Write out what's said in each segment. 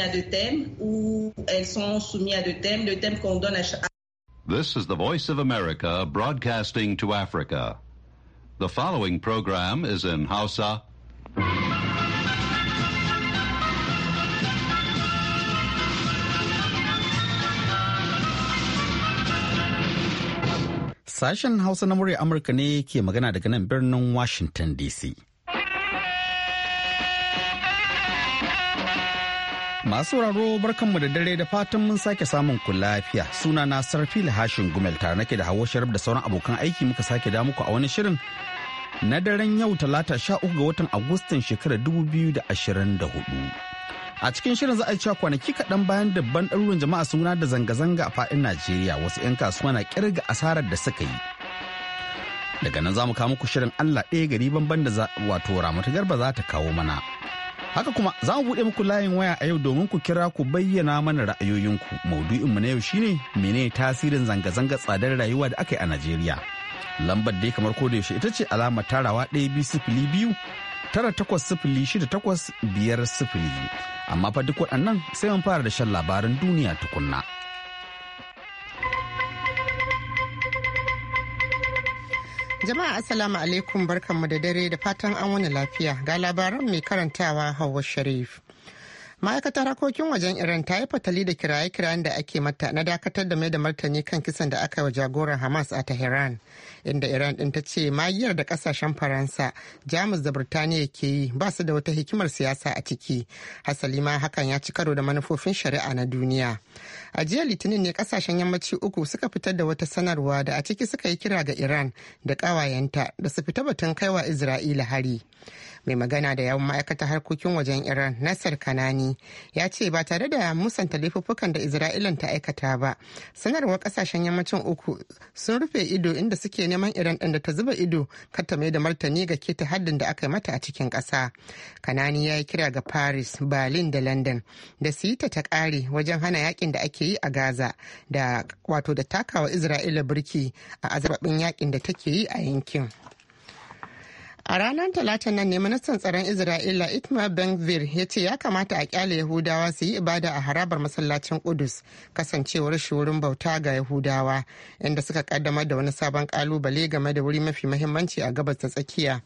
à deux thèmes ou elles sont soumises à deux thèmes, le thème qu'on donne à chaque... This is the Voice of America broadcasting to Africa. The following program is in Hausa. Sashen Hausa na murya Amurka ne ke magana daga nan birnin Washington DC. Masu sauraro barkanmu da dare da fatan mun sake samun ku lafiya. Suna na sarfi Hashin Gumel tare nake da hawa Sharif da sauran abokan aiki muka sake da muku a wani shirin na daren yau talata sha uku ga watan Agustan shekarar hudu. A cikin shirin za a cewa kwanaki kaɗan bayan dabban ɗaruruwan jama'a sun gudanar da zanga-zanga a faɗin Najeriya wasu 'yan kasuwa na kirga asarar da suka yi. Daga nan za mu kawo muku shirin Allah ɗaya gari banban da wato Ramatu Garba za ta kawo mana. Haka kuma za mu buɗe muku layin waya a yau domin ku kira ku bayyana mana ra'ayoyinku. mu na yau shine menene tasirin zanga-zanga tsadar rayuwa da aka yi a Najeriya. Lambar dai kamar ko da yaushe ita ce alama tarawa ɗaya biyu sifili biyu tara takwas sifili shida takwas biyar sifili. Amma fa duk waɗannan sai mun fara da shan labaran duniya tukunna. Jama'a Assalamu alaikum barkanmu da dare da fatan an wani lafiya ga labaran mai karantawa Hauwa Sharif. ma'aikatar harkokin wajen iran ta yi fatali da kiraye-kirayen da ake mata na dakatar da mai da martani kan kisan da aka yi wa jagoran hamas a tahiran. inda iran din ta ce magiyar da kasashen faransa jamus da birtaniya ke yi ba su da wata hikimar siyasa a ciki hasali ma hakan ya ci karo da manufofin shari'a na duniya a jiya litinin ne kasashen yammaci uku suka fitar da wata sanarwa da a ciki suka yi kira ga iran da kawayenta da su fita batun kaiwa isra'ila hari mai magana da yawan ma'aikatar harkokin wajen iran nasar kanani ya ce ba tare da musanta laifuffukan da isra'ilan ta aikata ba sanarwar kasashen yammacin uku sun rufe ido inda suke neman iran ɗin da ta zuba ido kata mai da martani ga keta haddin da aka yi mata a cikin ƙasa kanani ya yi kira ga paris berlin da london da su yi ta ta ƙare wajen hana yakin da ake yi a gaza da wato da takawa isra'ila birki a azabin yakin da take yi a yankin. A ranar talata nan ne ministan tsaron Isra'ila Itma Ben-Gvir ya ce ya kamata a kyale Yahudawa su yi ibada a harabar masallacin Kudus kasancewar shi wurin bauta ga Yahudawa inda suka kaddama da wani sabon kalubale game da wuri mafi mahimmanci a gabas ta tsakiya.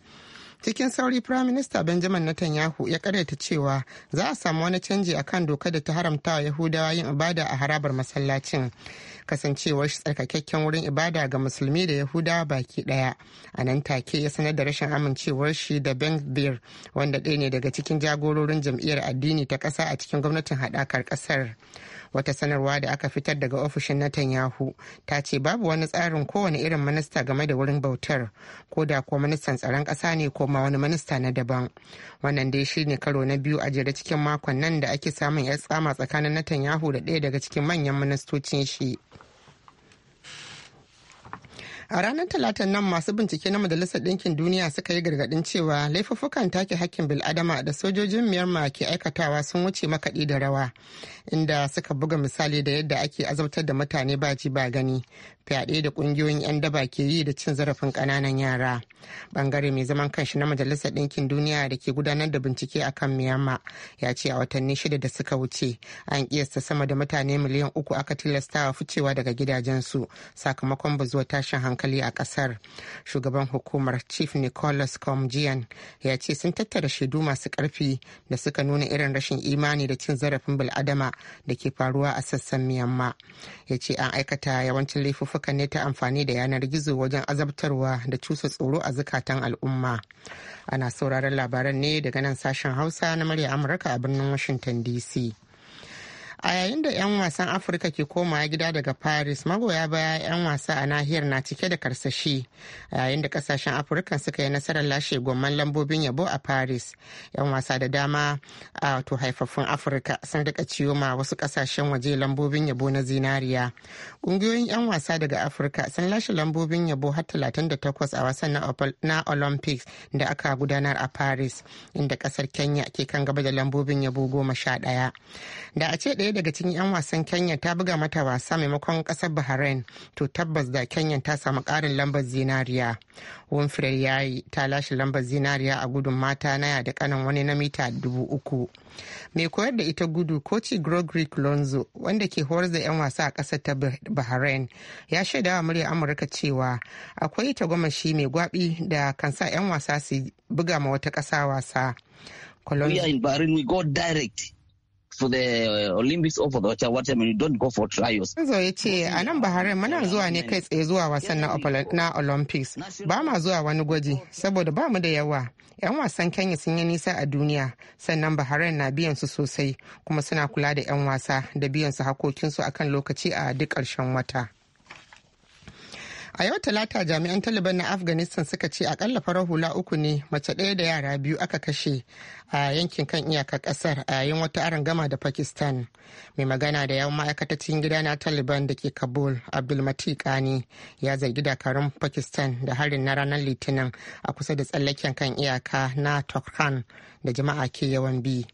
cikin sauri prime minister benjamin netanyahu ya karyata cewa za a samu wani canji a kan doka da ta haramta wa yahudawa yin ibada a harabar masallacin kasancewar shi tsarkakakken wurin ibada ga musulmi da yahuda baki daya a nan take ya sanar da rashin amincewar shi da ben wanda ɗaya ne daga cikin jagororin jam'iyyar addini ta ƙasa a cikin gwamnatin haɗakar ƙasar wata sanarwa da aka fitar daga ofishin yahu ta ce babu wani tsarin kowane irin minista game da wurin bautar ko da ko ministan tsaron ƙasa ne ko ma wani minista na daban wannan dai shi ne karo na biyu a jere cikin makon nan da ake samun 'yar tsama tsakanin yahu da ɗaya daga cikin manyan ministocin shi. a ranar talatan nan masu bincike na majalisar ɗinkin duniya suka yi gargaɗin cewa laifuffukan take hakkin bil'adama da sojojin myanmar ke aikatawa sun wuce makaɗi da rawa inda suka buga misali da yadda ake azabtar da mutane ba ji ba gani fyaɗe da ƙungiyoyin 'yan daba ke yi da cin zarafin ƙananan yara bangare mai zaman kanshi na majalisar ɗinkin duniya da ke gudanar da bincike a kan miyamma ya ce a watanni shida da suka wuce an kiyasta sama da mutane miliyan uku aka tilastawa ficewa daga gidajensu sakamakon bazuwa tashin hankali a ƙasar shugaban hukumar chief nicholas comjian ya ce sun tattara shaidu masu ƙarfi da suka nuna irin rashin imani da cin zarafin bil'adama da ke faruwa a sassan miyamma ya ce an aikata yawancin laifuffuka laifuka ne ta amfani da yanar gizo wajen azabtarwa da cusa tsoro a zukatan al'umma ana sauraron labaran ne daga nan sashen hausa na murya amurka a birnin washington dc a yayin da 'yan wasan afirka ke komawa gida daga paris magoya baya 'yan wasa a nahiyar na cike da karsashi a yayin da kasashen afirka suka yi nasarar lashe gomman lambobin yabo a paris 'yan wasa da dama a to haifaffun afirka sun rika ciwo ma wasu kasashen waje lambobin yabo na zinariya ƙungiyoyin 'yan wasa daga afirka sun lashe lambobin yabo har talatin da takwas a wasan na olympics da aka gudanar a paris inda kasar kenya ke kan gaba da lambobin yabo goma sha ɗaya da a ce ɗaya ɗaya daga cikin 'yan wasan kenya ta buga mata wasa maimakon ƙasar bahrain to tabbas da kenya ta samu ƙarin lambar zinariya winfrey ya yi ta lashe lambar zinariya a gudun mata na da kanan wani na mita dubu uku mai koyar da ita gudu koci grogri lonzo wanda ke horar da 'yan wasa a ƙasar ta bahrain ya shaida wa murya amurka cewa akwai tagomashi mai gwabi da kan sa 'yan wasa su buga ma wata ƙasa wasa. We are for the uh, Olympics or for the whatever you don't go for trials. Zo ya ce a nan Bahrain muna zuwa ne kai tsaye zuwa wasan na Olympics ba ma zuwa wani gwaji saboda ba mu da yawa. 'Yan wasan Kenya sun yi nisa a duniya sannan Bahrain na biyan su sosai kuma suna kula da 'yan wasa da biyan su hakokinsu akan lokaci a duk ƙarshen wata. a yau talata jami'an taliban na afghanistan suka ce akalla farar hula uku ne mace ɗaya da yara biyu aka kashe a yankin kan iyaka ƙasar a yayin wata arangama da pakistan mai magana da yawan ma'aikatacin gida na taliban da ke kabul abdulmati kani ya zargi dakarun pakistan da harin na ranar litinin a kusa da tsallaken kan iyaka na turkhan da jama'a ke yawan bi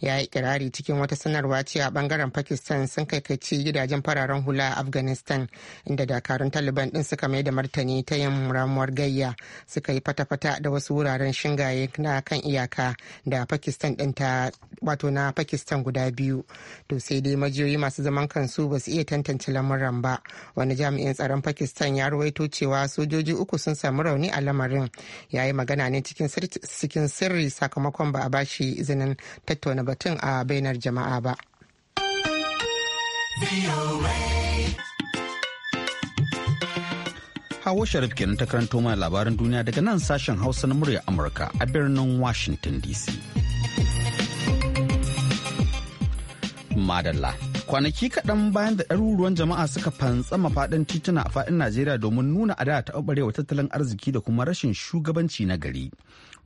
ya yi kirari cikin wata sanarwa cewa bangaren pakistan sun kai kaici gidajen fararen hula a afghanistan inda dakarun taliban din suka mai da martani ta yin ramuwar gayya suka yi fata-fata da wasu wuraren shingaye na kan iyaka da pakistan din ta wato na pakistan guda biyu to sai dai majiyoyi masu zaman kansu ba su iya tantance lamuran ba wani jami'in tsaron pakistan ya ruwaito cewa sojoji uku sun samu rauni a lamarin ya yi magana ne cikin sirri sakamakon ba a bashi izinin tattauna batun a bainar jama'a ba. Hawa Sharif ke ta karanto mana labaran duniya daga nan sashen Hausa na murya Amurka a birnin Washington DC. Madalla. Kwanaki kaɗan bayan da ɗaruruwan jama'a suka fantsama faɗin tituna a faɗin Najeriya domin nuna a da taɓarewa tattalin arziki da kuma rashin shugabanci na gari.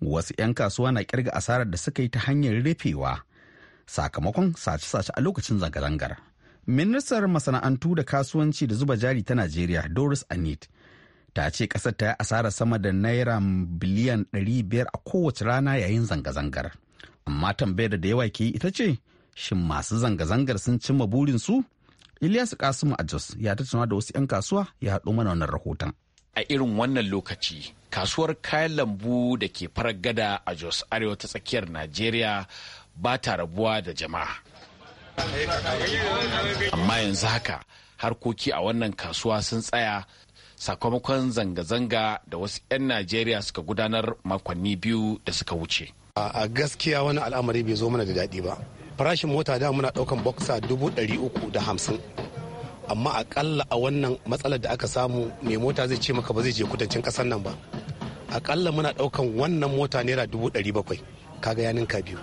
wasu 'yan kasuwa na kirga asarar da suka yi ta hanyar rufewa sakamakon sace-sace a lokacin zanga-zangar ministar masana'antu da kasuwanci da zuba jari ta najeriya doris anit ta ce kasar ta yi asarar sama da naira biliyan 500 a kowace rana yayin zanga-zangar amma tambayar da yawa ke yi ita ce shin masu zanga-zangar sun cimma burinsu ilyasu kasimu a jos ya tattauna da wasu 'yan kasuwa ya haɗo mana wannan rahoton a irin wannan lokaci kasuwar kayan lambu da ke farar gada a jos arewa ta tsakiyar najeriya ba ta rabuwa da jama'a amma yanzu haka harkoki a wannan kasuwa sun tsaya sakamakon zanga-zanga da wasu 'yan najeriya suka gudanar makonni biyu da suka wuce a gaskiya wani al'amari bai zo mana da daɗi ba farashin mota da muna ɗaukan boxer dubu ɗari uku da hamsin amma akalla a wannan matsalar da aka samu mai mota zai ce maka ba zai je kudancin kasar nan ba akalla muna daukan wannan mota naira dubu dari bakwai kaga yanin ninka biyu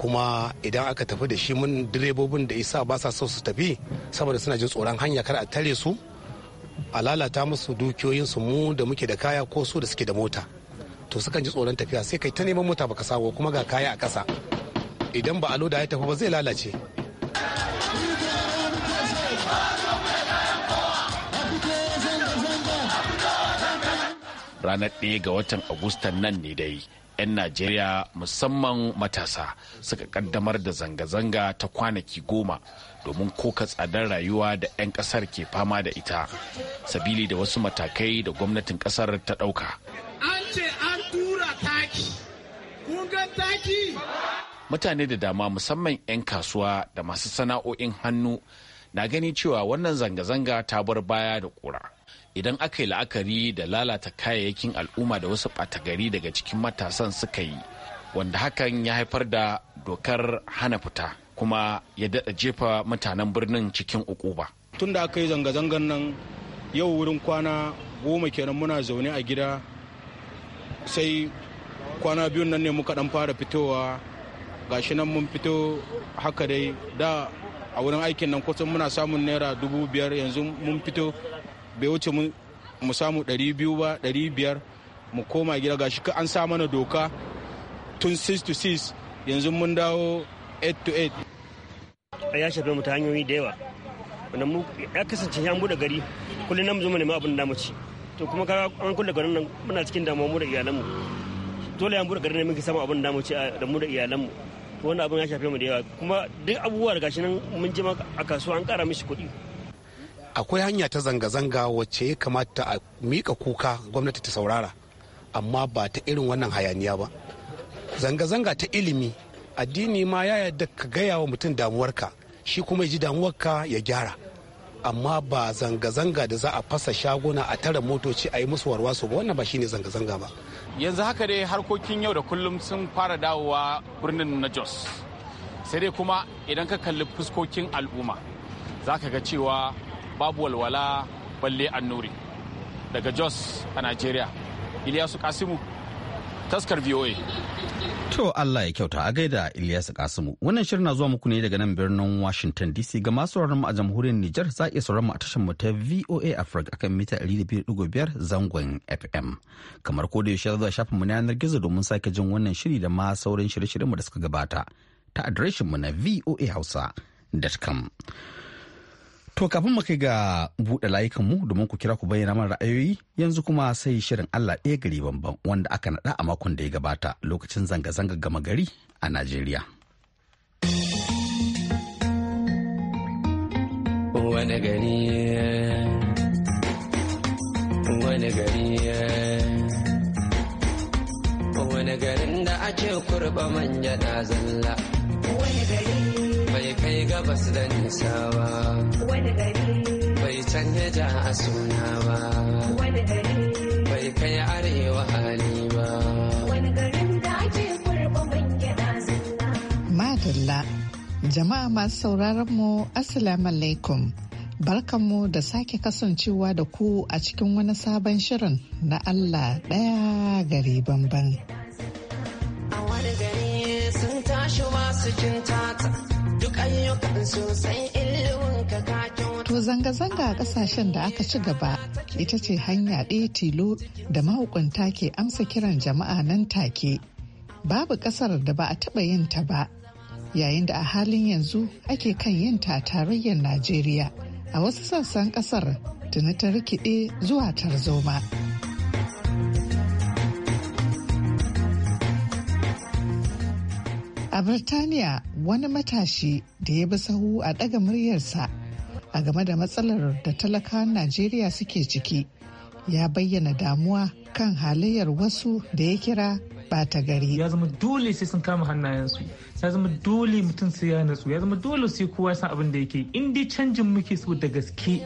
kuma idan aka tafi da shi mun direbobin da isa ba sa so su tafi saboda suna jin tsoron hanya kar a tare su a lalata musu dukiyoyinsu mu da muke da kaya ko su da suke da mota to sukan ji tsoron tafiya sai kai ta neman mota baka samu kuma ga kaya a kasa idan ba a loda ya tafi ba zai lalace ranar ɗaya ga watan agustan nan ne dai 'yan najeriya musamman matasa suka kaddamar da zanga-zanga ta kwanaki goma domin koka tsadar rayuwa da 'yan kasar ke fama da ita sabili da wasu matakai da gwamnatin kasar ta ɗauka an ce an tura taki kungan taki mutane da dama musamman 'yan kasuwa da masu sana'o'in hannu na gani cewa wannan zanga-zanga ta bar baya da kura idan aka yi la'akari da lalata kayayyakin al'umma da wasu ɓatagari daga cikin matasan suka yi wanda hakan ya haifar da dokar hana fita kuma ya daɗa jefa mutanen birnin cikin ukuba. tun da aka yi zanga-zangan nan yau wurin kwana goma kenan muna zaune a gida sai kwana biyun nan ne muka dan fara fitowa gashi nan mun fito haka dai da a wurin aikin nan kusan muna samun naira dubu biyar yanzu mun fito bai wuce mu samu 200 ba 500 mu koma gida ga shi an sa mana doka tun 6 to 6 yanzu mun dawo 8 to 8 a ya shafe mu ta hanyoyi da yawa wanda mu ya kasance an bude gari kullum na mu zo mu nemi abin da mu ci to kuma kaga an kulle garin nan muna cikin damuwa mu da iyalanmu dole an bude garin ne muke samu abin da mu ci da mu da iyalanmu to wannan abin ya shafe mu da yawa kuma duk abubuwa da gashi nan mun je a kasuwa an kara mishi kuɗi akwai hanya ta zanga-zanga wacce ya kamata a mika kuka gwamnati ta saurara amma ba ta irin wannan hayaniya ba zanga-zanga ta ilimi addini ma ya yarda ka gaya wa mutum damuwarka shi kuma ya ji damuwarka ya gyara amma ba zanga-zanga da za a fasa shaguna a tara motoci a yi musu warwaso ba wannan ba shine zanga-zanga ba yanzu haka dai harkokin yau da kullum sun fara dawowa birnin na jos sai dai kuma idan ka kalli fuskokin al'umma za ka ga cewa babu walwala balle annuri daga jos a nigeria iliyasu kasimu taskar voa to allah ya kyauta a gaida iliyasu kasimu wannan shirin na zuwa muku ne daga nan birnin washington dc ga masu mu a jamhuriyar Nijar za a iya mu a tashar mu ta voa africa akan mita 200.5 zangon fm kamar ko da yaushe za shafin mu na yanar gizo domin sake jin wannan shiri da ma sauran shirye-shiryen mu da suka gabata ta adireshin mu na voa hausa.com To kafin mu kai ga buɗe layukan mu domin ku kira ku bayyana mana ra'ayoyi yanzu kuma sai shirin Allah ɗaya gari banban wanda aka naɗa a makon da ya gabata lokacin zanga-zanga gama gari a Najeriya. Wani gari wani gari wani garin da ake kurba manja da zalla. Wani gari ba nisa ba wani gari a suna ba wani jama'a masu sauraron mu assalamu alaikum Barkanmu da sake kasancewa da ku a cikin wani sabon shirin na Allah ɗaya gari banban. A wani gari sun tashi masu cinta To zanga-zanga a kasashen da aka ci gaba ita ce hanya ɗaya tilo da mahukunta ke amsa kiran jama'a nan take. Babu ƙasar da ba a taɓa yin ta ba, yayin da a halin yanzu ake kan yin ta tarayyar Najeriya. A wasu sassan ƙasar tuni ta rikide zuwa tarzoma. A Birtaniya wani matashi da ya bi sahu a ɗaga muryarsa a game da matsalar da talakawan Najeriya suke ciki ya bayyana damuwa kan halayyar wasu da ya kira bata gari. Ya zama dole sai sun kama hannayensu, ya zama dole mutum sai ya natsu, ya zama dole sai kowa san abin da yake in dai canjin muke so da gaske.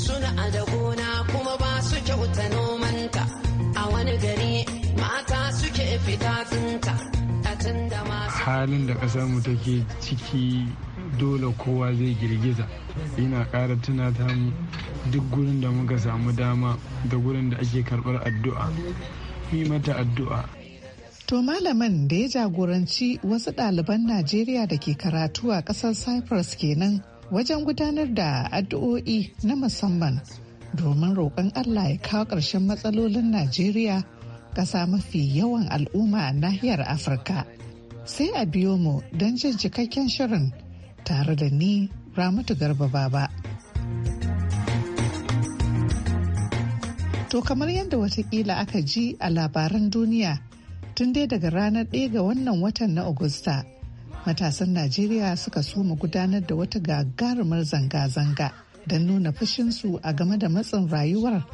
Suna a da gona kuma ba su kyauta nomanta a wani gari halin da ƙasar mu take ciki dole kowa zai girgiza yana ƙara tunata mu duk gurin da muka samu dama da gurin da ake karɓar addu'a yi mata addu'a To malaman da ya jagoranci wasu ɗaliban Najeriya da ke karatu a ƙasar Cyprus kenan wajen gudanar da addu'o'i na musamman domin roƙon Allah ya kawo ƙarshen matsalolin Najeriya ƙasa mafi yawan al'umma a nahiyar Afirka. sai a biyo mu don jin cikakken shirin tare da ni ramatu garba baba. To kamar yadda watakila aka ji a labaran duniya tun dai daga ranar ɗaya ga wannan watan na Agusta, matasan Najeriya suka soma gudanar da wata gagarumar zanga-zanga don nuna fushinsu a game da matsin rayuwar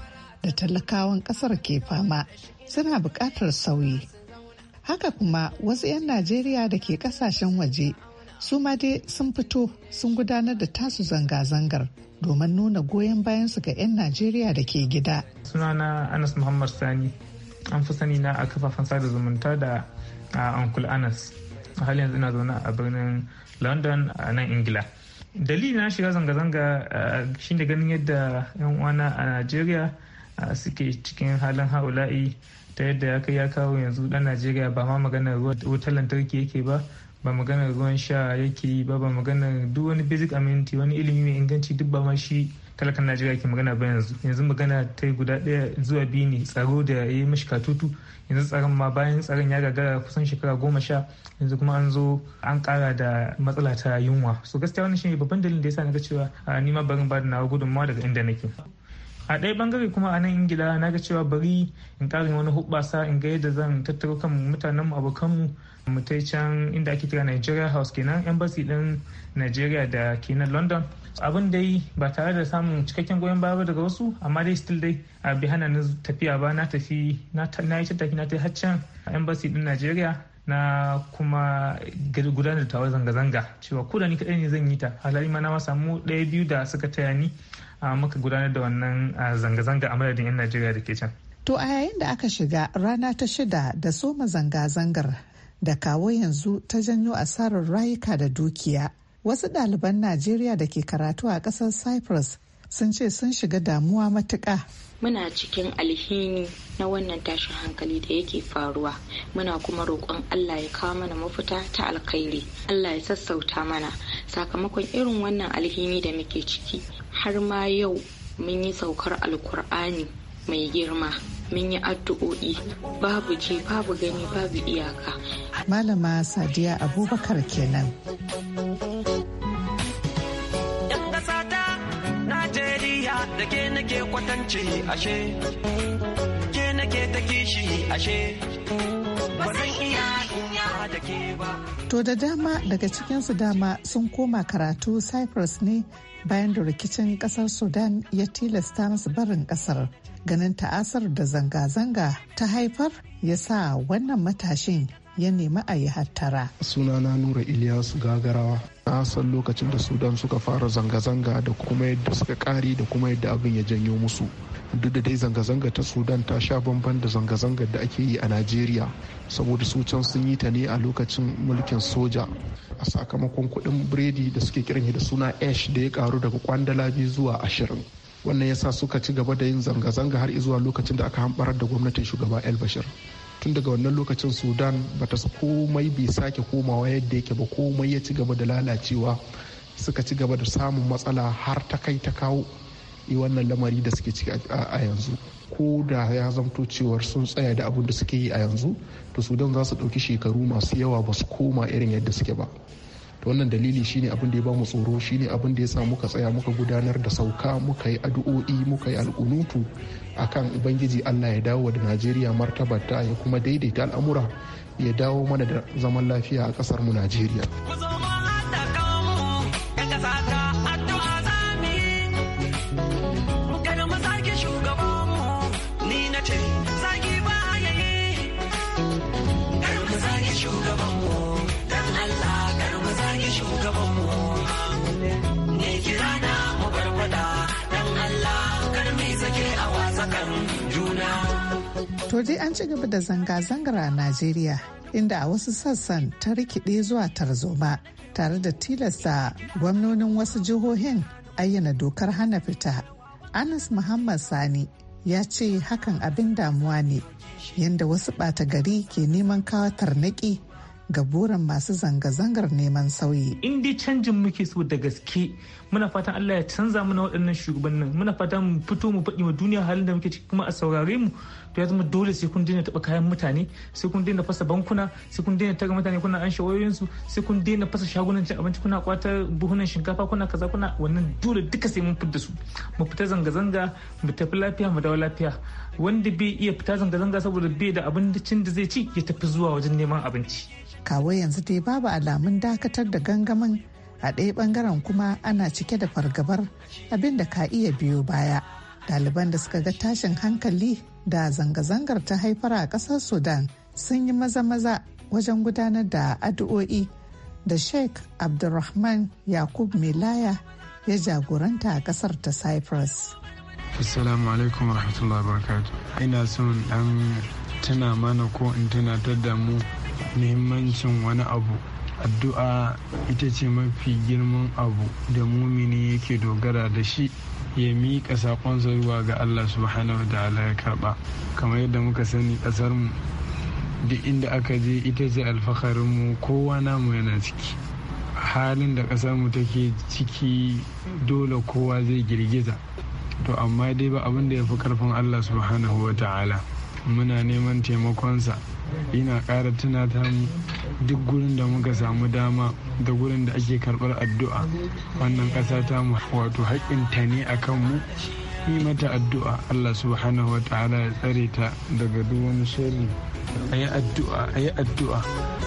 da talakawan ƙasar ke fama suna buƙatar sauyi. haka kuma wasu 'yan najeriya da ke kasashen waje su ma dai sun fito sun gudanar da tasu zanga-zangar domin nuna goyon bayansu ga 'yan najeriya da ke gida sunana anas muhammad sani an fi sani na a kafafen sada zumunta da uncle anas a halin yanzu ina zaune a birnin london a nan ingila dalili na shiga zanga-zanga shine ganin yadda 'yan uwana a najeriya suke cikin halin haula'i ta yadda ya kai ya kawo yanzu dan najeriya ba ma maganar ruwa wutar lantarki yake ba ba maganar ruwan sha yake yi ba ba maganar duk wani basic amenity wani ilimi mai inganci duk ba ma shi talakan najeriya ke magana ba yanzu yanzu magana ta yi guda daya zuwa biyu ne tsaro da ya yi mashi katutu yanzu tsaron ma bayan tsaron ya gagara kusan shekara goma sha yanzu kuma an zo an kara da matsala ta yunwa so gaskiya wani shi babban dalilin da yasa na ga cewa ni ma barin ba da nawa gudunmawa daga inda nake a ɗaya bangare kuma a nan ingila na ga cewa bari in ƙarin wani hubbasa in ga yadda zan tattaro kan mutanen mu abokan mu ta can inda ake kira nigeria house kenan embassy ɗin nigeria da kenan london abin dai ba tare da samun cikakken goyon baya daga wasu amma dai still dai a bi hana ni tafiya ba na tafi na yi tattaki na ta haccan embassy ɗin nigeria na kuma gudanar da tawar zanga-zanga cewa ko da ni kaɗai ne zan yi ta halari ma na samu ɗaya biyu da suka taya ni muka gudanar da wannan zanga-zanga a madadin 'yan najeriya da ke can to a yayin da aka shiga rana ta shida da soma zanga-zangar da kawo yanzu ta janyo asarar rayuka da dukiya wasu ɗaliban najeriya da ke karatu a ƙasar cyprus sun ce sun shiga damuwa matuƙa. Muna cikin alhini na wannan tashin hankali da yake faruwa. Muna kuma roƙon Allah ya kawo mana mafita ta alkhairi. Allah ya sassauta mana sakamakon irin wannan alhini da muke ciki. Har ma yau mun yi saukar alkur'ani mai girma. Mun yi addu'o'i babu ji babu gani babu iyaka. Malama Sadiya Abubakar kenan. da ke nake kwatance ashe ke nake ta kishi ashe To da dama daga cikinsu dama sun koma karatu Cyprus ne bayan da rikicin kasar Sudan ya tilasta masu barin kasar. Ganin ta'asar da zanga-zanga ta haifar ya sa wannan matashin ya nemi a yi hattara. Sunana Nura ilyas Gagarawa. Na san lokacin da Sudan suka fara zanga-zanga da kuma yadda suka kare da kuma yadda abin ya janyo musu. Duk da dai zanga-zanga ta Sudan ta sha bamban da zanga-zangar da ake yi a Najeriya. Saboda su can sun yi ta ne a lokacin mulkin soja. A sakamakon kuɗin biredi da suke kiran da suna ash da ya karu daga kwandala biyu zuwa ashirin. wannan yasa suka ci gaba da yin zanga-zanga har zuwa lokacin da aka hambarar da gwamnatin shugaba el bashir tun daga wannan lokacin sudan bata komai bai sake komawa yadda yake ba komai ya ci gaba da lalacewa suka ci gaba da samun matsala har ta kai ta kawo yi wannan lamari da suke ciki a yanzu ko da ya zamto cewar sun tsaya da abin da suke yi a yanzu to sudan za su ɗauki shekaru masu yawa ba su koma irin yadda suke ba to wannan dalili shine abin da ya bamu tsoro shine abin da ya sa muka tsaya muka gudanar da sauka muka yi addu'o'i muka yi alkunutu akan ubangiji Allah ya dawo da Najeriya martabarta ya kuma daidaita al'amura ya dawo mana da zaman lafiya a kasar mu Najeriya. To dai an ci gaba da zanga-zangar a Najeriya inda a wasu sassan ta rikide zuwa tarzoma tare da tilasta gwamnonin wasu jihohin ayyana dokar hana fita. Anas Muhammad Sani ya ce hakan abin damuwa ne yadda wasu ɓata gari ke neman kawo tarnaƙi ga buran masu zanga-zangar neman sauyi. In dai canjin muke so da gaske muna fatan Allah ya canza mana waɗannan shugabannin muna fatan mu fito mu faɗi wa duniya halin da muke ciki kuma a saurare mu to ya zama dole sai kun daina taɓa kayan mutane sai kun daina fasa bankuna sai kun daina tara mutane kuna an su sai kun daina fasa shagunan cin abinci kuna kwatar buhunan shinkafa kuna kaza kuna wannan dole duka sai mun fidda su mu fita zanga-zanga mu tafi lafiya mu dawo lafiya wanda bai iya fita zanga-zanga saboda bai da abincin da zai ci ya tafi zuwa wajen neman abinci. kawo yanzu dai babu alamun dakatar da gangamin a ɗaya bangaren kuma ana cike da fargabar abin da ka iya biyo baya ɗaliban da suka ga tashin hankali da zanga-zangar ta haifar a ƙasar sudan sun yi maza-maza wajen gudanar da addu'o'i da sheikh abdulrahman yakub milaya ya jagoranta a ƙasar ta cyprus assalamu alaikum wa wabarakatuh ina son ɗan tuna mana ko in tunatar da mu muhimmancin wani abu addu'a ita ce mafi girman abu da mumini yake dogara da shi ya miƙa saƙon zuwa ga allah subhanahu da ala ya karɓa kamar yadda muka sani ƙasarmu duk inda aka je ita ce alfaharinmu kowa namu yana ciki halin da ƙasarmu take ciki dole kowa zai girgiza to amma dai ba abin da ya fi ƙarfin allah subhanahu wa ta'ala muna neman taimakonsa ina ƙara tunata mu duk gurin da muka samu dama da gurin da ake karɓar addu'a wannan ƙasa ta mu wato haƙƙinta ne a kanmu yi mata addu'a Allah subhanahu wa ta'ala ya tsare ta daga duk wani sharri a yi addu'a a yi addu'a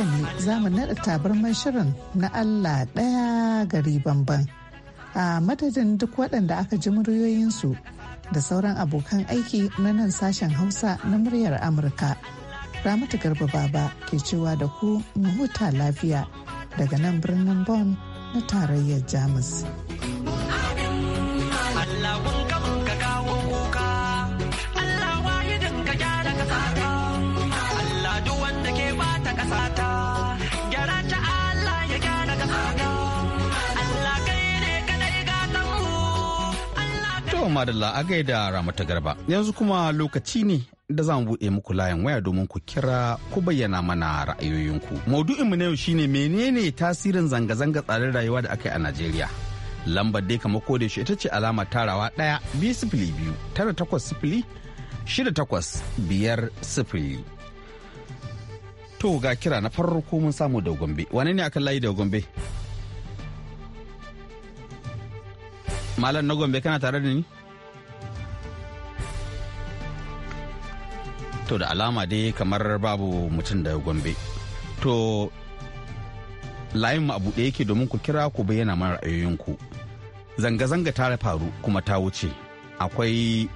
shirin mu za mu naɗa tabarmar shirin na Allah ɗaya gari bamban. A madadin duk waɗanda aka ji muryoyinsu da sauran abokan aiki na nan sashen Hausa na muryar Amurka. Ramatu Garba Baba ke cewa da ku mu huta lafiya daga nan birnin Bonn na tarayyar Jamus. madalla a gaida ramata garba yanzu kuma lokaci ne da za mu buɗe muku layin waya domin ku kira ku bayyana mana ra'ayoyinku. Maudu'inmu na yau shine menene tasirin zanga-zanga tsadar rayuwa da aka yi a Najeriya. Lambar dai kama ko da shi ita ce alamar tarawa ɗaya biyu sifili biyu tara takwas sifili shida takwas biyar sifili. To ga kira na farko mun samu da Gombe. Wane ne akan layi da Gombe? Malam na Gombe kana tare da ni? to da alama dai kamar babu mutum da gombe to layin abu a buɗe yake domin ku kira ku bayyana mana ra'ayoyinku zanga-zanga ta faru kuma ta wuce akwai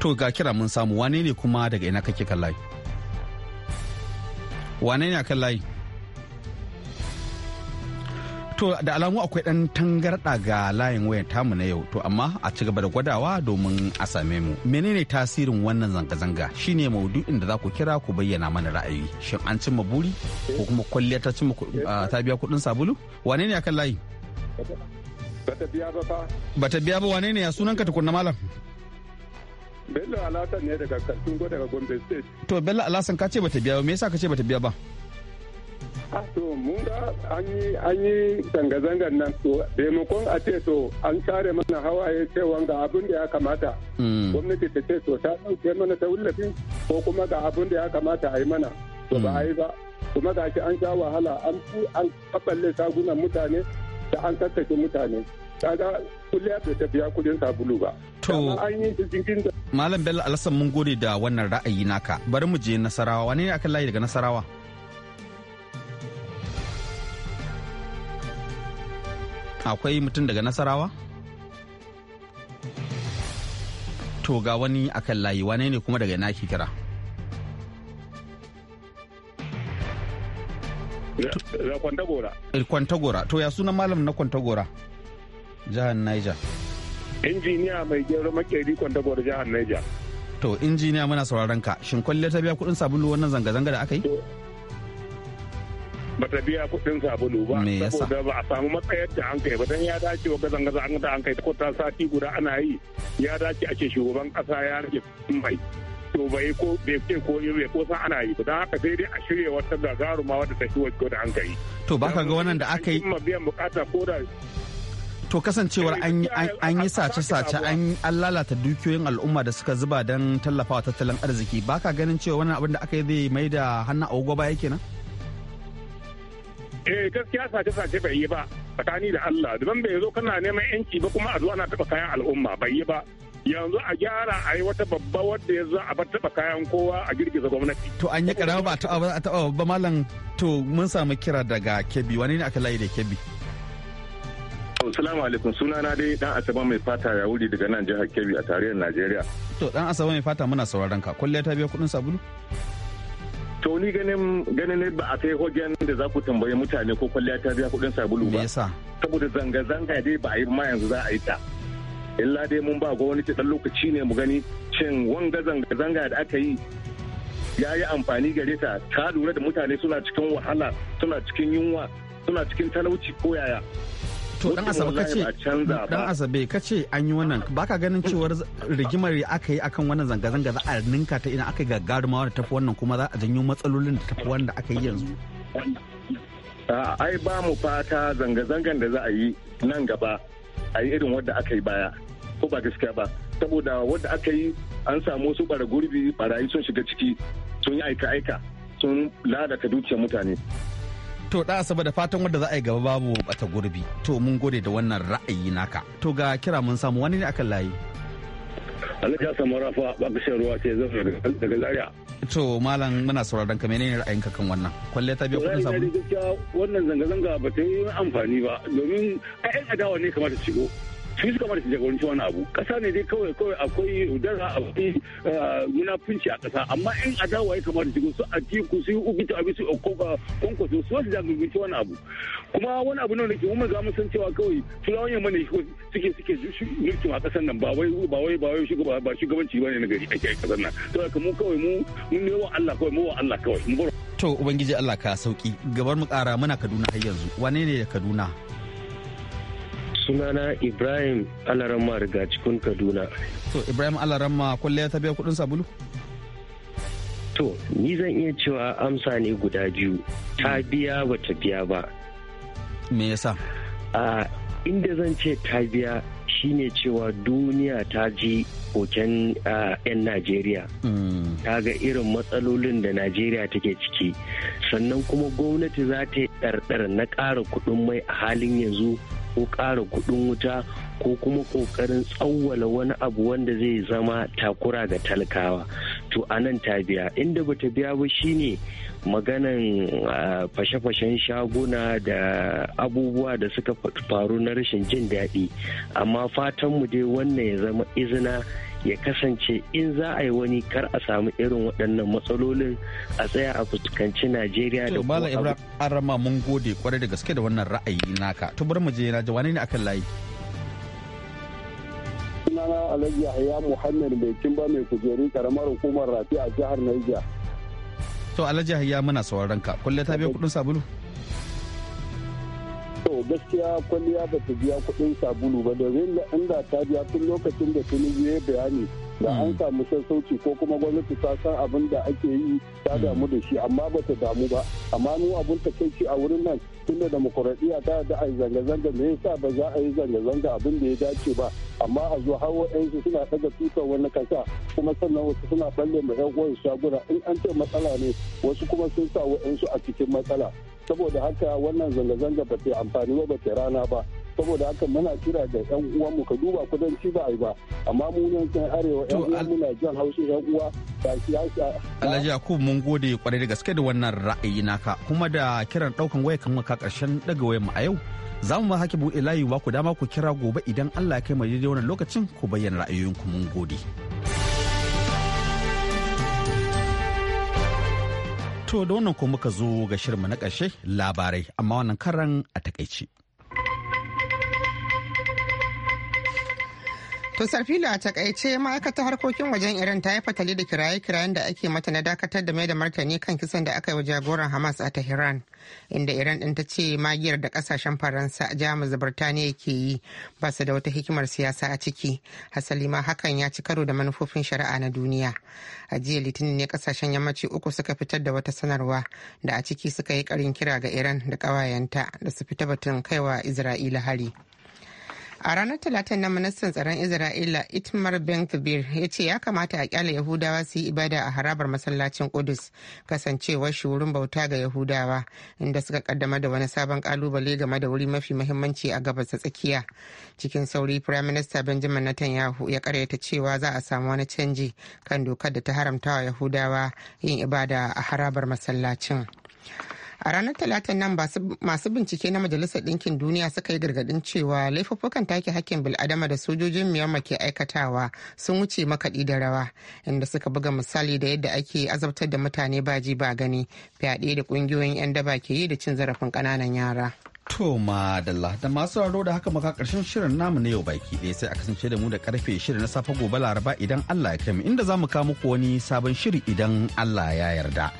to ga kira mun samu wane ne kuma daga ina kake kan layi wane ne a kan layi To da alamu akwai ɗan tangarɗa ga layin wayar tamu na yau to amma a ci gaba da gwadawa domin a same mu. Menene tasirin wannan zanga-zanga shine maudu'in da za ku kira ku bayyana mana ra'ayi. Shin an cimma buri ko kuma kwalliya ta cimma ta biya kuɗin sabulu? Wane ne akan layi? Bata biya ba fa. Bata biya ba wane ne ya sunan ka tukunna malam? Bello Alasan ne daga Kaltungo daga Gombe State. To Bello Alasan ka ce bata biya ba me yasa ka ce bata biya ba? Ah, to mun ga an yi an yi zanga-zangar nan to taimakon a ce to an tsare mana hawaye cewa ga abin da ya kamata hmm. gwamnati ta ce to ta ɗauke mana ta ko kuma ga abin da ya kamata a yi mana to ba a hmm. yi ba kuma ga shi an sha wahala an fi an kaballe sagunan mutane da an tattake mutane kaga kulliya bai tafiya kudin sabulu ba to an yi cikin malam bello alasan mun gode da wannan ra'ayi naka bari mu je nasarawa wane ne akan layi daga nasarawa akwai mutum daga nasarawa to ga wani akan layi wane ne kuma daga naki kira kwantagora eh, kwantagora to ya sunan malam na kwantagora jihar niger injiniya mai gero makeri kwantagora jihar niger to injiniya muna sauraron ka shin kwalliya ta biya kudin sabulu wannan zanga-zanga da aka yi ba ta biya kuɗin sabulu ba saboda ba a samu matsayar da an kai ba dan ya dace wa gazan gaza an da an kai ko ta sati guda ana yi ya dace ake shugaban kasa ya rage mai to bai ko bai ce ko bai ko san ana yi ba dan haka sai dai a shirye wata gagaruma wadda ta shiwa da an kai to baka ga wannan da aka yi biyan bukata ko da to kasancewar an yi sace-sace an lalata dukiyoyin al'umma da suka zuba don tallafawa tattalin arziki baka ganin cewa wannan abin da aka yi zai mai da hannu a ba yake kenan. eh gaskiya sace sace bai yi ba tsakani da Allah don bai zo kana neman yanci ba kuma a zo ana taba kayan al'umma bai yi ba yanzu a gyara a yi wata babba wadda ya zo a bar taba kayan kowa a girgiza gwamnati to an yi karama ba a taba ba ba malam to mun samu kira daga Kebbi wani ne aka layi da Kebbi Assalamu alaikum sunana dai dan Asaba mai fata ya wuri daga nan jihar Kebbi a tarayyar Najeriya. To dan Asaba mai fata muna sauraron ka. kullata biya kudin sabulu? to ni ganin ganin ne ba a kai hogen da za ku tambayi mutane ko kwalliya ta biya kuɗin sabulu ba saboda zanga-zanga dai ba a yi ma yanzu za a yi ta illa dai mun ba wani gwamnati dan lokaci ne mu gani cin wanga zanga-zanga da aka yi ya yi amfani gare ta ta lura da mutane suna cikin wahala suna cikin yunwa suna cikin talauci ko yaya to dan asabe ce dan asabe ce an yi wannan baka ganin cewar rigimar aka yi akan wannan zanga zanga za a ninka ta ina aka gagaruma da tafi wannan kuma za a janyo matsalolin da tafi wanda aka yi yanzu ai ba mu fata zanga zangan da za a yi nan gaba a yi irin wadda aka yi baya ko ba gaskiya ba saboda wadda aka yi an samu su bara gurbi barayi sun shiga ciki sun yi aika aika sun lalata dukiyar mutane to da asaba da fatan wanda za a yi gaba babu bata gurbi to mun gode da wannan ra'ayi naka to ga kira mun samu wani ne akan layi Alhaji Hassan Marafa shan ruwa ce zan daga Zaria to malam muna sauraron ka menene ka kan wannan kwalle ta biya kudin samu wannan zanga zanga ba ta yi amfani ba domin ayyan adawa ne ta shigo su suka mara su jagoranci wani abu kasa ne dai kawai kawai akwai udara akwai eh, munafunci a kasa amma in dawa ya kamata shigo su a tiku su yi ubita abisu su okoba konko su eh, su jagoranci wani abu kuma wani abu ne ke mun ga san cewa kawai turawan yamma ne suke suke mulkin a kasar nan ba wai ba wai ba wai ba shugabanci ne na gari ake a kasar nan to haka mu kawai mu mun ne wa Allah kawai mu wa Allah kawai mu to ubangiji Allah ka sauki gabar mu kara muna Kaduna har yanzu wane ne da Kaduna sunana ibrahim alarama daga cikin kaduna to ibrahim alarama kulle ya tabiya kudin sabulu to ni zan iya cewa amsa ne guda biyu ta hmm. biya ba ta biya ba me yasa a inda zan ce ta biya shine cewa duniya ta ji koken 'yan najeriya hmm. ta ga irin matsalolin da najeriya take ciki sannan kuma gwamnati za ta yi ɗarɗar na ƙara kuɗin mai a halin yanzu ko ƙara kuɗin wuta ko kuma ƙoƙarin tsawwala wani abu wanda zai zama takura ga talakawa to a nan ta biya inda bata biya ba shine maganan fashe-fashen shaguna da abubuwa da suka faru na rashin jin daɗi amma fatanmu dai wannan ya zama izina ya kasance in za a yi wani kar a samu irin waɗannan matsalolin a tsaya a fuskanci najeriya da kuma abu an rama mun gode kwarai da gaske da wannan ra'ayi naka to bari mu je na wani ne akan layi sunana alhaji yahya muhammad mai kimba mai kujeru karamar hukumar rafi a jihar niger to alhaji yahya muna sauran ka kulle ta biya kudin sabulu to gaskiya kwalliya ba ta biya kuɗin sabulu ba da domin inda ta biya tun lokacin da tinubu ya bayani da an hmm. samu sassauci ko kuma gwamnati ta san abin da ake yi ta hmm. damu da shi amma ba ta damu ba amma mu abin ta kai a wurin nan tunda demokuraɗiyya ta da a yi zanga-zanga me yasa ba za a yi zanga-zanga abin da ya dace ba amma a zo har wa'yansu suna ɗaga tutar wani kasa kuma sannan wasu suna balle ma 'yan uwan shaguna in an ce matsala ne wasu kuma sun sa wa'yansu a cikin matsala saboda haka wannan zanga-zanga ba ta amfani ba ba ta rana ba saboda haka muna kira da yan uwanmu ka duba kudanci ba ai ba amma mu nan kan arewa yan uwan muna jan haushi yan uwa ba siyasa Alhaji Yakub mun gode kwarai da gaske da wannan ra'ayi naka kuma da kiran daukan waya kan ka karshen daga wayar mu a yau za mu hake buɗe layi ku dama ku kira gobe idan Allah ya kai mu daidai wannan lokacin ku bayyana ra'ayoyinku mun gode. To da wannan ko muka zo ga shirma na ƙarshe labarai amma wannan karan a takaice. To Sarfilo a takaice ma'aikatar harkokin wajen Iran ta yi fatali da kiraye-kirayen da ake mata na dakatar da mai da martani kan kisan da aka yi wa jagoran Hamas a tahiran inda Iran ɗin ta ce magiyar da kasashen Faransa, Jamus da Birtaniya ke yi ba su da wata hikimar siyasa a ciki. Hasali ma hakan ya ci karo da manufofin shari'a na duniya. A jiya Litinin ne kasashen yammaci uku suka fitar da wata sanarwa da a ciki suka yi karin kira ga Iran da ƙawayenta da su fita batun kaiwa Isra'ila hari. a ranar talatin na ministan tsaron isra'ila itmar ben gvir ya ce ya kamata a kyale yahudawa su yi ibada a harabar masallacin kudus kasancewar shi wurin bauta ga yahudawa inda suka kaddama da wani sabon kalubale game da wuri mafi mahimmanci a gabas ta tsakiya cikin sauri prime minister benjamin netanyahu ya karyata cewa za a samu wani canji kan dokar da ta haramta wa yahudawa yin ibada a harabar masallacin a ranar talatin nan masu bincike na majalisar ɗinkin duniya suka yi gargaɗin cewa laifuffukan take hakkin bil'adama da sojojin myanmar ke aikatawa sun wuce makaɗi da rawa inda suka buga misali da yadda ake azabtar da mutane ba ji ba gani fyaɗe da ƙungiyoyin 'yan daba ke yi da cin zarafin ƙananan yara. To madalla da masu raro da haka maka karshen shirin namu na yau baki ɗaya sai a kasance da mu da karfe shirin na safe gobe laraba idan Allah ya kai mu inda zamu mu kawo muku wani sabon shiri idan Allah ya yarda.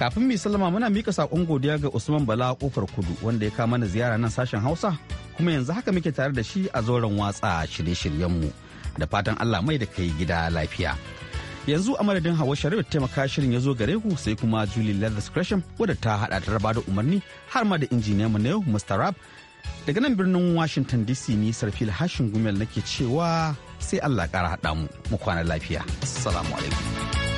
kafin mai sallama muna mika sakon godiya ga usman bala kofar kudu wanda ya kama na ziyara nan sashen hausa kuma yanzu haka muke tare da shi a zauren watsa shirye shiryen mu da fatan allah mai da kai gida lafiya yanzu a madadin hawa sharif taimaka shirin ya zo gare ku sai kuma julie leathers gresham wadda ta hada ta raba da umarni har ma da injiniyanmu na yau mr rab daga nan birnin washington dc ni sarfil hashin gumel nake cewa sai allah kara hada mu mu kwana lafiya assalamu alaikum